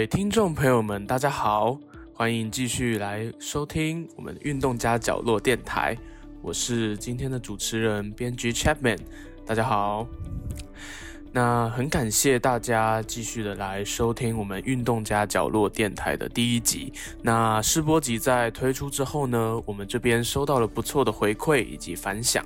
各位聽眾朋友們，大家好，歡迎繼續來收聽我們運動家角落電台，我是今天的主持人編輯 Chapman，大家好。那很感謝大家繼續的來收聽我們運動家角落電台的第一集。那試播集在推出之後呢，我們這邊收到了不錯的回饋以及反響。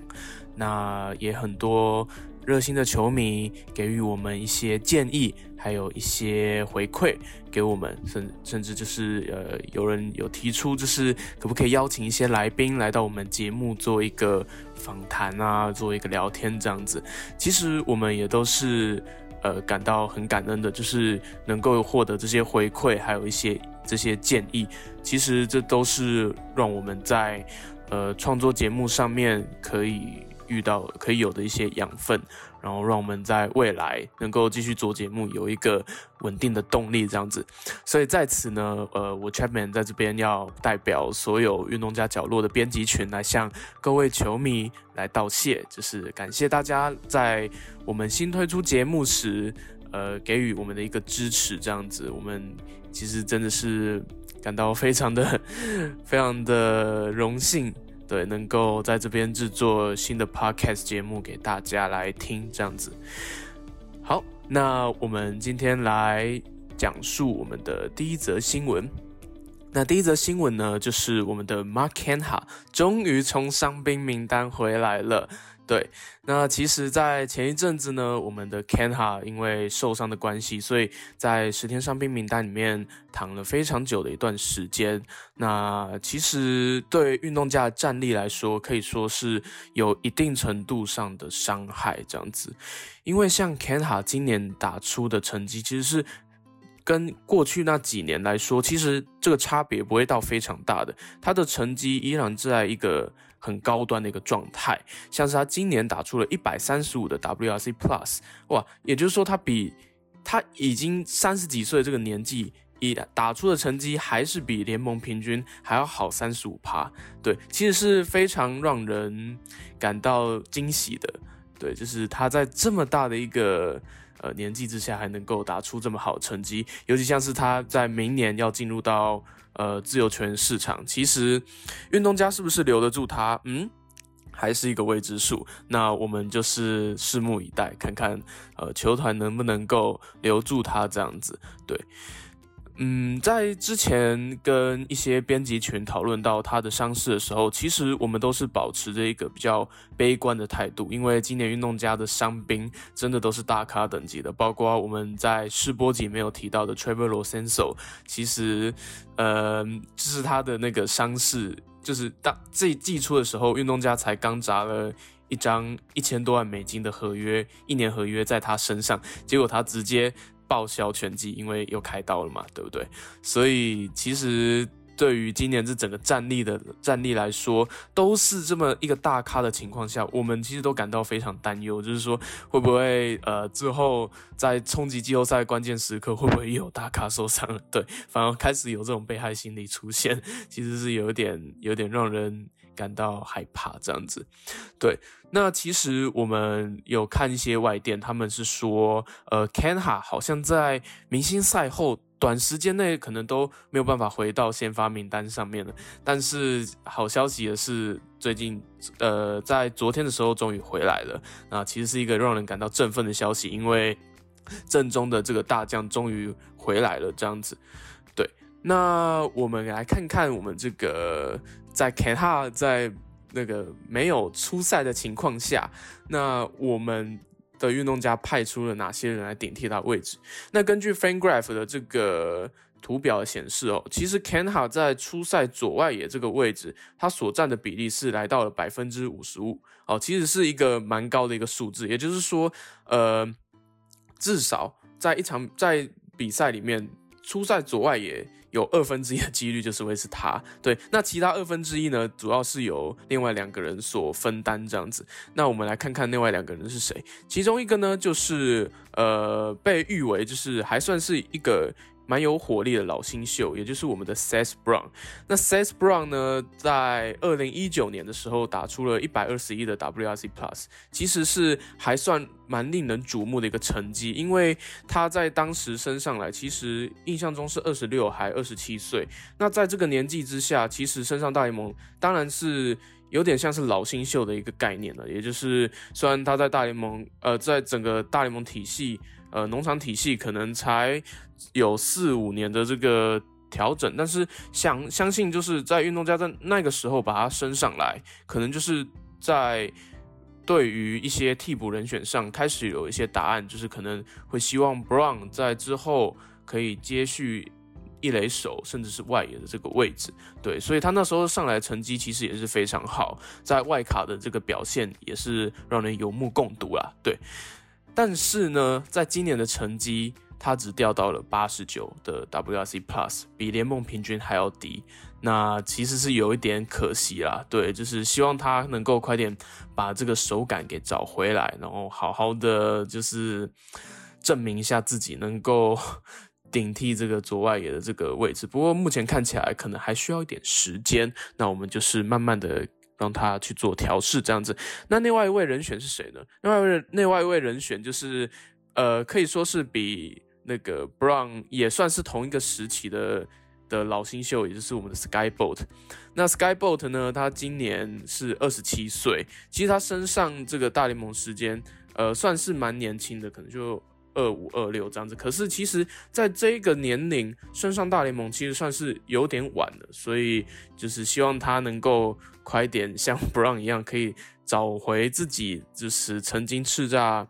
那也很多熱心的球迷給予我們一些建議，還有一些回饋給我們，甚甚至就是呃，有人有提出，就是可不可以邀請一些來賓來到我們節目做一個訪談啊，做一個聊天這樣子。其實我們也都是呃感到很感恩的，就是能夠獲得這些回饋，還有一些這些建議。其實這都是讓我們在呃創作節目上面可以。遇到可以有的一些養分，然後讓我們在未來能夠繼續做節目，有一個穩定的動力這樣子。所以在此呢，呃，我 Chapman 在這邊要代表所有運動家角落的編輯群來向各位球迷來道謝，就是感謝大家在我們新推出節目時，呃，給予我們的一個支持，這樣子，我們其實真的是感到非常的、非常的榮幸。對，能夠在這邊製作新的 podcast 節目給大家來聽，這樣子。好，那我們今天來講述我們的第一則新聞。那第一則新聞呢，就是我們的 Mark Canha 終於從傷兵名單回來了。對，那其實，在前一陣子呢，我們的 Canha 因為受傷的關係，所以在十天傷兵名單裡面躺了非常久的一段時間。那其實對運動家的戰力來說，可以說是有一定程度上的傷害這樣子，因為像 Canha 今年打出的成績，其實是。跟過去那幾年來說，其實這個差別不會到非常大的，他的成績依然在一個很高端的一個狀態。像是他今年打出了一百三十五的 WRC Plus，哇，也就是說他比他已經三十幾歲這個年紀，一打出的成績還是比聯盟平均還要好三十五趴。對，其實是非常讓人感到驚喜的。對，就是他在這麼大的一個。呃，年紀之下還能夠打出這麼好的成績，尤其像是他在明年要進入到呃自由球員市場，其實，運動家是不是留得住他，嗯，還是一個未知數。那我們就是拭目以待，看看呃球團能不能夠留住他這樣子，對。嗯，在之前跟一些編輯群討論到他的傷勢的時候，其實我們都是保持着一個比較悲觀的態度，因為今年運動家的傷兵真的都是大咖等級的，包括我們在試播集沒有提到的 Trevor Rosenthal 其實，呃，就是他的那個傷勢，就是當賽季初的時候，運動家才剛砸了一張一千多萬美金的合約，一年合約在他身上，結果他直接報銷拳擊，因為又開刀了嘛，對不對？所以其實對於今年這整個戰力的戰力來說，都是這麼一個大咖的情況下，我們其實都感到非常擔憂，就是說會不會呃之後在衝擊季後賽關鍵時刻，會不會有大咖受傷了？對，反而開始有這種被害心理出現，其實是有點有點讓人。感到害怕這樣子，對。那其實我們有看一些外電，他們是說，呃，Kenha 好像在明星賽後短時間內可能都沒有辦法回到先發名單上面了。但是好消息也是，最近呃，在昨天的時候終於回來了。啊，其實是一個讓人感到振奮的消息，因為正中的這個大將終於回來了這樣子。對，那我們來看看我們這個。在 Canha 在那個沒有出賽的情況下，那我們的運動家派出了哪些人來頂替他的位置？那根據 Fan Graph 的這個圖表的顯示哦，其實 Canha 在出賽左外野這個位置，他所佔的比例是來到了百分之五十五哦，其實是一個蠻高的一個數字。也就是說，呃，至少在一場在比賽裡面出賽左外野。1 有二分之一的幾率，就是會是他，對，那其他二分之一呢，主要是由另外兩個人所分擔這樣子。那我們來看看另外兩個人是誰，其中一個呢，就是呃，被譽為就是還算是一個。蠻有火力的老新秀，也就是我們的 Seth Brown。那 Seth Brown 呢，在二零一九年的時候打出了一百二十一的 WRC Plus，其實是還算蠻令人矚目的一個成績，因為他在當時升上來，其實印象中是二十六還二十七歲。那在這個年紀之下，其實升上大聯盟當然是有點像是老新秀的一個概念了，也就是雖然他在大聯盟，呃，在整個大聯盟體系。呃，農場體系可能才有四五年的這個調整，但是想相信就是在運動家在那個時候把他升上來，可能就是在對於一些替補人選上開始有一些答案，就是可能會希望 Brown 在之後可以接續一壘手甚至是外野的這個位置，對，所以他那時候上來的成績其實也是非常好，在外卡的這個表現也是讓人有目共睹啊，對。但是呢，在今年的成績，他只掉到了八十九的 WRC Plus，比聯盟平均還要低。那其實是有一點可惜啦，對，就是希望他能夠快點把這個手感給找回來，然後好好的就是證明一下自己能夠頂替這個左外野的這個位置。不過目前看起來，可能還需要一點時間。那我們就是慢慢的。讓他去做調試這樣子，那另外一位人選是誰呢？另外另外一位人選就是，呃，可以說是比那個 Brown 也算是同一個時期的的老新秀，也就是我們的 Skye Bolt。那 Skye Bolt 呢，他今年是二十七歲，其實他身上這個大聯盟時間，呃，算是蠻年輕的，可能就。二五二六這樣子，可是其實在這個年齡升上大聯盟，其實算是有點晚了，所以就是希望他能夠快點像 Brown 一樣，可以找回自己就是曾經叱咤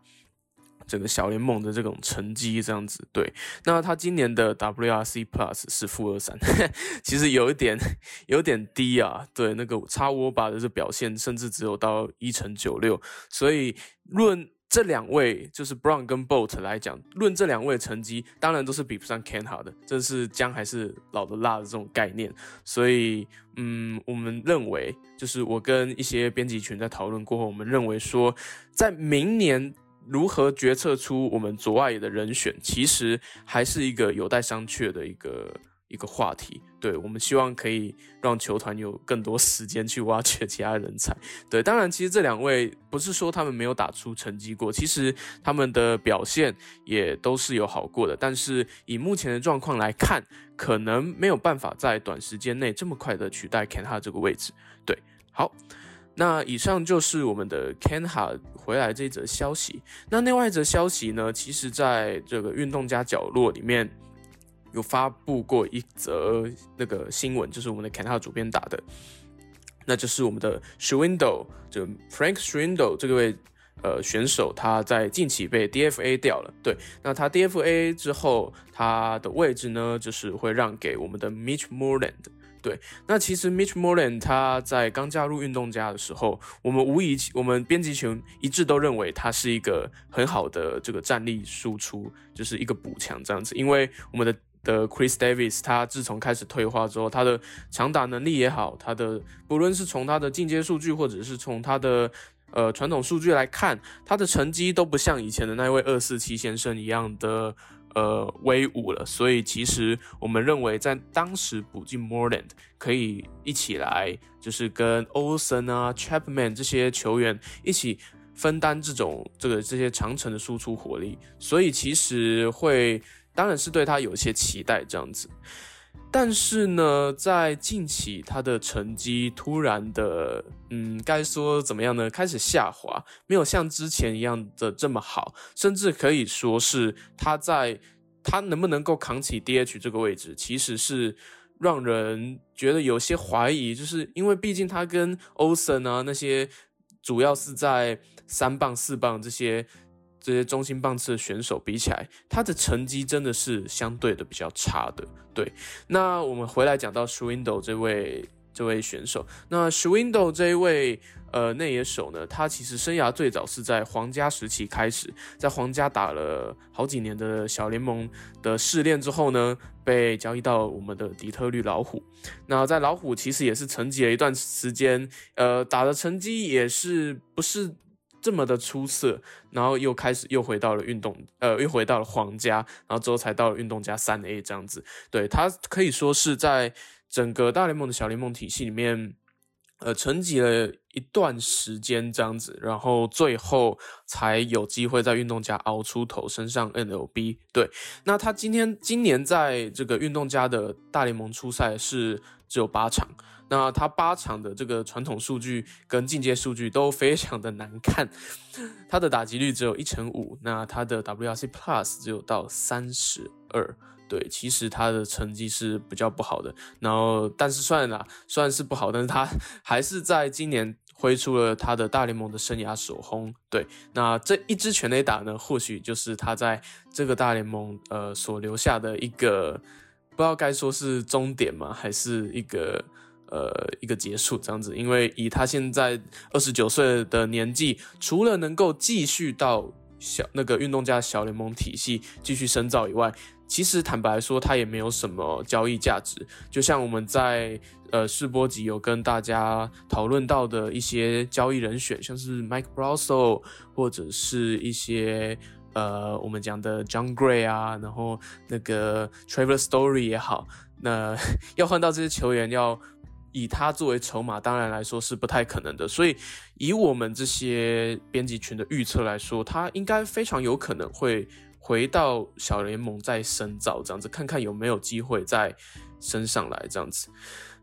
整個小聯盟的這種成績這樣子。對，那他今年的 WRC Plus 是負二三，呵呵，其實有一點有點低啊。對，那個我差五把的這表現，甚至只有到一成九六，所以論。這兩位就是 Brown 跟 Bolt 來講，論這兩位的成績，當然都是比不上 Canha 的，真是薑還是老的辣的這種概念。所以，嗯，我們認為，就是我跟一些編輯群在討論過後，我們認為說，在明年如何決策出我們左外野的人選，其實還是一個有待商榷的一個一個話題。對，我們希望可以讓球團有更多時間去挖掘其他人才。對，當然，其實這兩位不是說他們沒有打出成績過，其實他們的表現也都是有好過的。但是以目前的狀況來看，可能沒有辦法在短時間內這麼快的取代 Canha 這個位置。對，好，那以上就是我們的 Canha 回來這則消息。那另外一則消息呢，其實在這個運動家角落裡面。有發布過一則那個新聞，就是我們的 Canha 主編打的。那就是我們的 Schwindel 就 Frank Schwindel 這位呃選手，他在近期被 DFA 掉了。對，那他 DFA 之後，他的位置呢，就是會讓給我們的 Mitch Moreland。對，那其實 Mitch Moreland 他在剛加入運動家的時候，我們無疑，我們編輯群一致都認為他是一個很好的這個戰力輸出，就是一個補強這樣子，因為我們的。的 Chris Davis，他自從開始退化之後，他的強打能力也好，他的不論是從他的進階數據，或者是從他的呃傳統數據來看，他的成績都不像以前的那位二四七先生一樣的呃威武了。所以其實我們認為，在當時補進 Moreland 可以一起來，就是跟 Olson 啊、Chapman 這些球員一起分擔這種這個這些長程的輸出火力，所以其實會。當然是對他有些期待這樣子，但是呢，在近期他的成績突然的，嗯，該說怎麼樣呢？開始下滑，沒有像之前一樣的這麼好，甚至可以說是他在他能不能夠扛起 DH 這個位置，其實是讓人覺得有些懷疑，就是因為畢竟他跟 Osen 啊那些主要是在三棒四棒這些。這些中心棒次的選手比起來，他的成績真的是相對的比較差的。對，那我們回來講到 Schwindel 這位這位選手。那 Schwindel 這一位呃內野手呢，他其實生涯最早是在皇家時期開始，在皇家打了好幾年的小聯盟的試煉之後呢，被交易到我們的底特律老虎。那在老虎其實也是沉寂了一段時間，呃，打的成績也是不是這麼的出色，然後又開始又回到了運動，呃，又回到了皇家，然後之後才到了運動家三 A 這樣子，對，他可以說是在整個大聯盟的小聯盟體系裡面。呃，沉寂了一段時間這樣子，然後最後才有機會在運動家熬出頭，升上 MLB。對，那他今天今年在這個運動家的大聯盟出賽是只有八場，那他八場的這個傳統數據跟進階數據都非常的難看，他的打擊率只有一成五，那他的 WRC Plus 只有到三十二。對，其實他的成績是比較不好的，然後但是算了啦，算是不好，但是他還是在今年揮出了他的大聯盟的生涯首轟。對，那這一支全壘打呢，或許就是他在這個大聯盟呃所留下的一個，不知道該說是終點嗎，還是一個呃一個結束這樣子，因為以他現在二十九歲的年紀，除了能夠繼續到。小那個運動家小聯盟體系繼續深造以外，其實坦白說，它也沒有什麼交易價值。就像我們在呃試播集，有跟大家討論到的一些交易人選，像是 Mike Brosseau，或者是一些呃我們講的 John Gray 啊，然後那個 Trevor Story 也好，那要換到這些球員要以他作為籌碼，當然來說是不太可能的。所以，以我們這些編輯群的預測來說，他應該非常有可能會回到小聯盟再深造，這樣子看看有沒有機會再升上來，這樣子。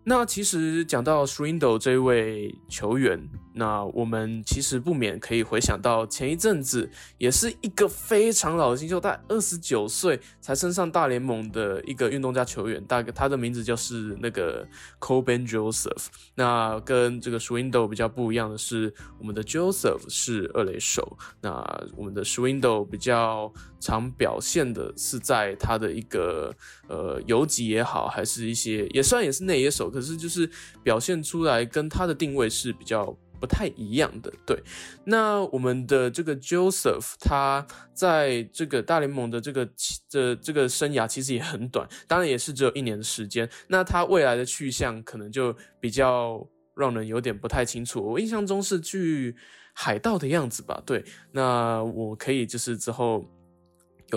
那其實講到 Schwindel 這位球員，那我們其實不免可以回想到前一陣子，也是一個非常老的球星，他二十九歲才升上大聯盟的一個運動家球員。大概他的名字就是那個 Coben Joseph。那跟這個 Schwindel 比較不一樣的是，我們的 Joseph 是二壘手，那我們的 Schwindel 比較常表現的是在他的一個呃游擊也好，還是一些也算也是內野手。可是就是表現出來跟他的定位是比較不太一樣的，對。那我們的這個 Joseph，他在這個大聯盟的這個的、這個、這個生涯其實也很短，當然也是只有一年的時間，那他未來的去向可能就比較讓人有點不太清楚。我印象中是去海盜的樣子吧，對。那我可以就是之後。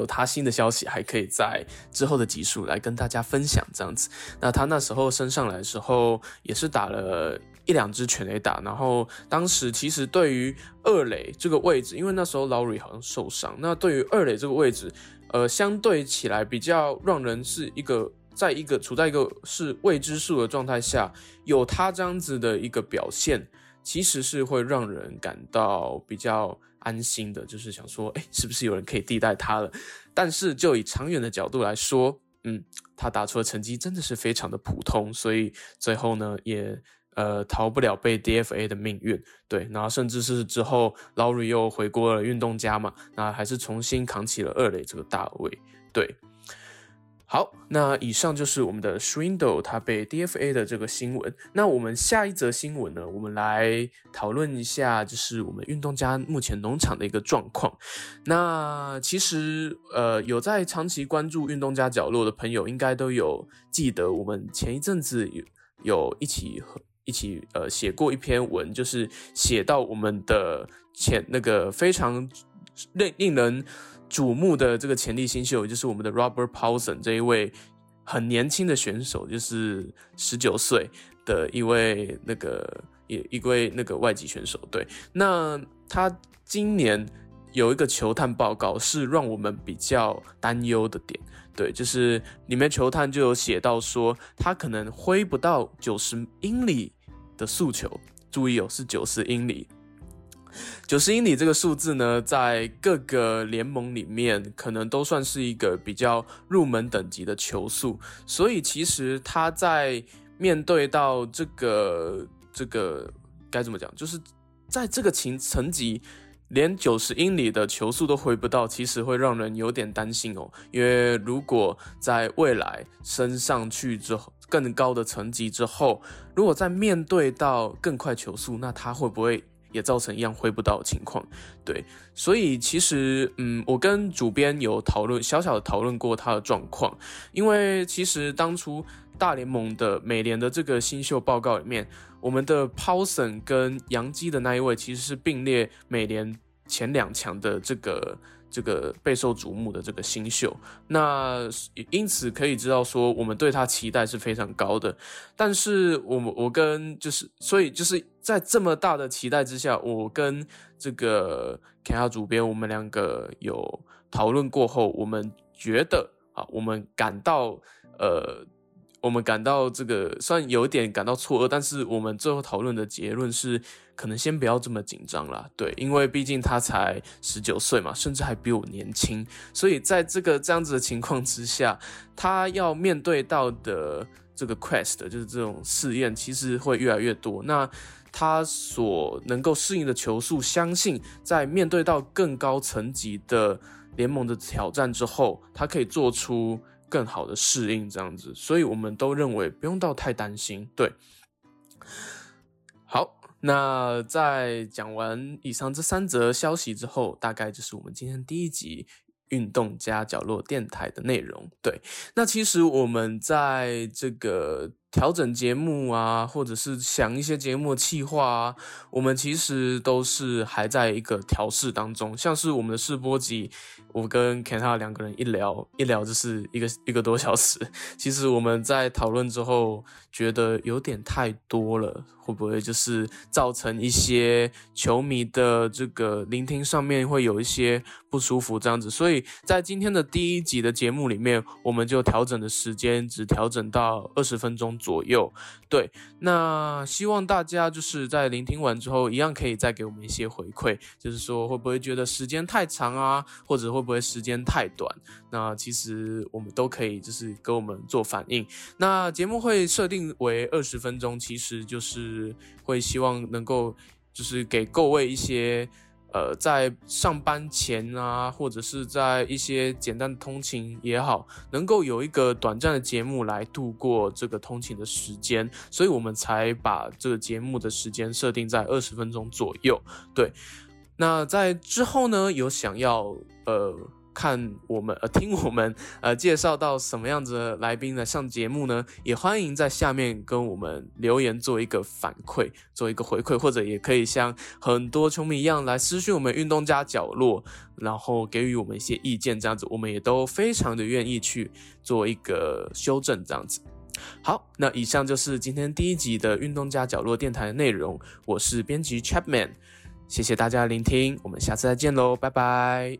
有他新的消息，還可以在之後的集數來跟大家分享這樣子。那他那時候升上來的時候，也是打了一兩支全壘打，然後當時其實對於二壘這個位置，因為那時候勞瑞好像受傷，那對於二壘這個位置，呃，相對起來比較讓人是一個在一個處在一個是未知數的狀態下，有他這樣子的一個表現，其實是會讓人感到比較。安心的，就是想說，哎、欸，是不是有人可以替代他了？但是就以長遠的角度來說，嗯，他打出的成績真的是非常的普通，所以最後呢，也呃逃不了被 DFA 的命運。對，然後甚至是之後，勞瑞又回歸了運動家嘛，那還是重新扛起了二壘這個大位。對。好，那以上就是我們的 Schwindel 他被 DFA 的這個新聞。那我們下一則新聞呢？我們來討論一下，就是我們運動家目前農場的一個狀況。那其實，呃，有在長期關注運動家角落的朋友，應該都有記得，我們前一陣子有有一起一起呃寫過一篇文，就是寫到我們的前那個非常令令人。矚目的這個潛力新秀，就是我們的 Robert Puason 這一位很年輕的選手，就是十九歲的一位那個也，一位那個外籍選手。對，那他今年有一個球探報告是讓我們比較擔憂的點，對，就是裡面球探就有寫到說他可能揮不到九十英里的速球，注意哦，是九十英里。九十英里這個數字呢，在各個聯盟裡面可能都算是一個比較入門等級的球速，所以其實他在面對到這個這個該怎麼講，就是在這個層層級，連九十英里的球速都回不到，其實會讓人有點擔心哦。因為如果在未來升上去之後更高的層級之後，如果在面對到更快球速，那他會不會？也造成一樣揮不到的情況，對，所以其實，嗯，我跟主編有討論，小小的討論過他的狀況，因為其實當初大聯盟的美聯的這個新秀報告裡面，我們的 Puason 跟楊基的那一位其實是並列美聯前兩強的這個。這個備受矚目的這個新秀，那因此可以知道說，我們對他期待是非常高的。但是我們我跟就是，所以就是在這麼大的期待之下，我跟這個 K 亞主編，我們兩個有討論過後，我們覺得啊，我們感到呃。我們感到這個雖然有一點感到錯愕，但是我們最後討論的結論是，可能先不要這麼緊張啦，對，因為畢竟他才十九歲嘛，甚至還比我年輕，所以在這個這樣子的情況之下，他要面對到的這個 quest，就是這種試驗，其實會越來越多。那他所能夠適應的球速，相信在面對到更高層級的聯盟的挑戰之後，他可以做出。更好的適應這樣子，所以我們都認為不用到太擔心。對，好，那在講完以上這三則消息之後，大概就是我們今天第一集運動家角落電台的內容。對，那其實我們在這個。調整節目啊，或者是想一些節目的企劃啊，我們其實都是還在一個調試當中。像是我們的試播集，我跟 k e n a 兩個人一聊，一聊就是一個一個多小時。其實我們在討論之後，覺得有點太多了，會不會就是造成一些球迷的這個聆聽上面會有一些不舒服這樣子？所以在今天的第一集的節目裡面，我們就調整的時間只調整到二十分鐘，左右，對，那希望大家就是在聆聽完之後，一樣可以再給我們一些回饋，就是說會不會覺得時間太長啊，或者會不會時間太短？那其實我們都可以就是跟我們做反應。那節目會設定為二十分鐘，其實就是會希望能夠就是給各位一些。呃，在上班前啊，或者是在一些簡單的通勤也好，能夠有一個短暫的節目來度過這個通勤的時間，所以我們才把這個節目的時間設定在二十分鐘左右。對，那在之後呢，有想要呃。看我們呃，聽我們呃介紹到什麼樣子的來賓來上節目呢，也歡迎在下面跟我們留言做一個反饋，做一個回饋，或者也可以像很多球迷一樣來私訊我們“運動家角落”，然後給予我們一些意見，這樣子，我們也都非常的願意去做一個修正，這樣子。好，那以上就是今天第一集的“運動家角落”電台的內容。我是編輯 Chapman，謝謝大家的聆聽，我們下次再見嘍，拜拜。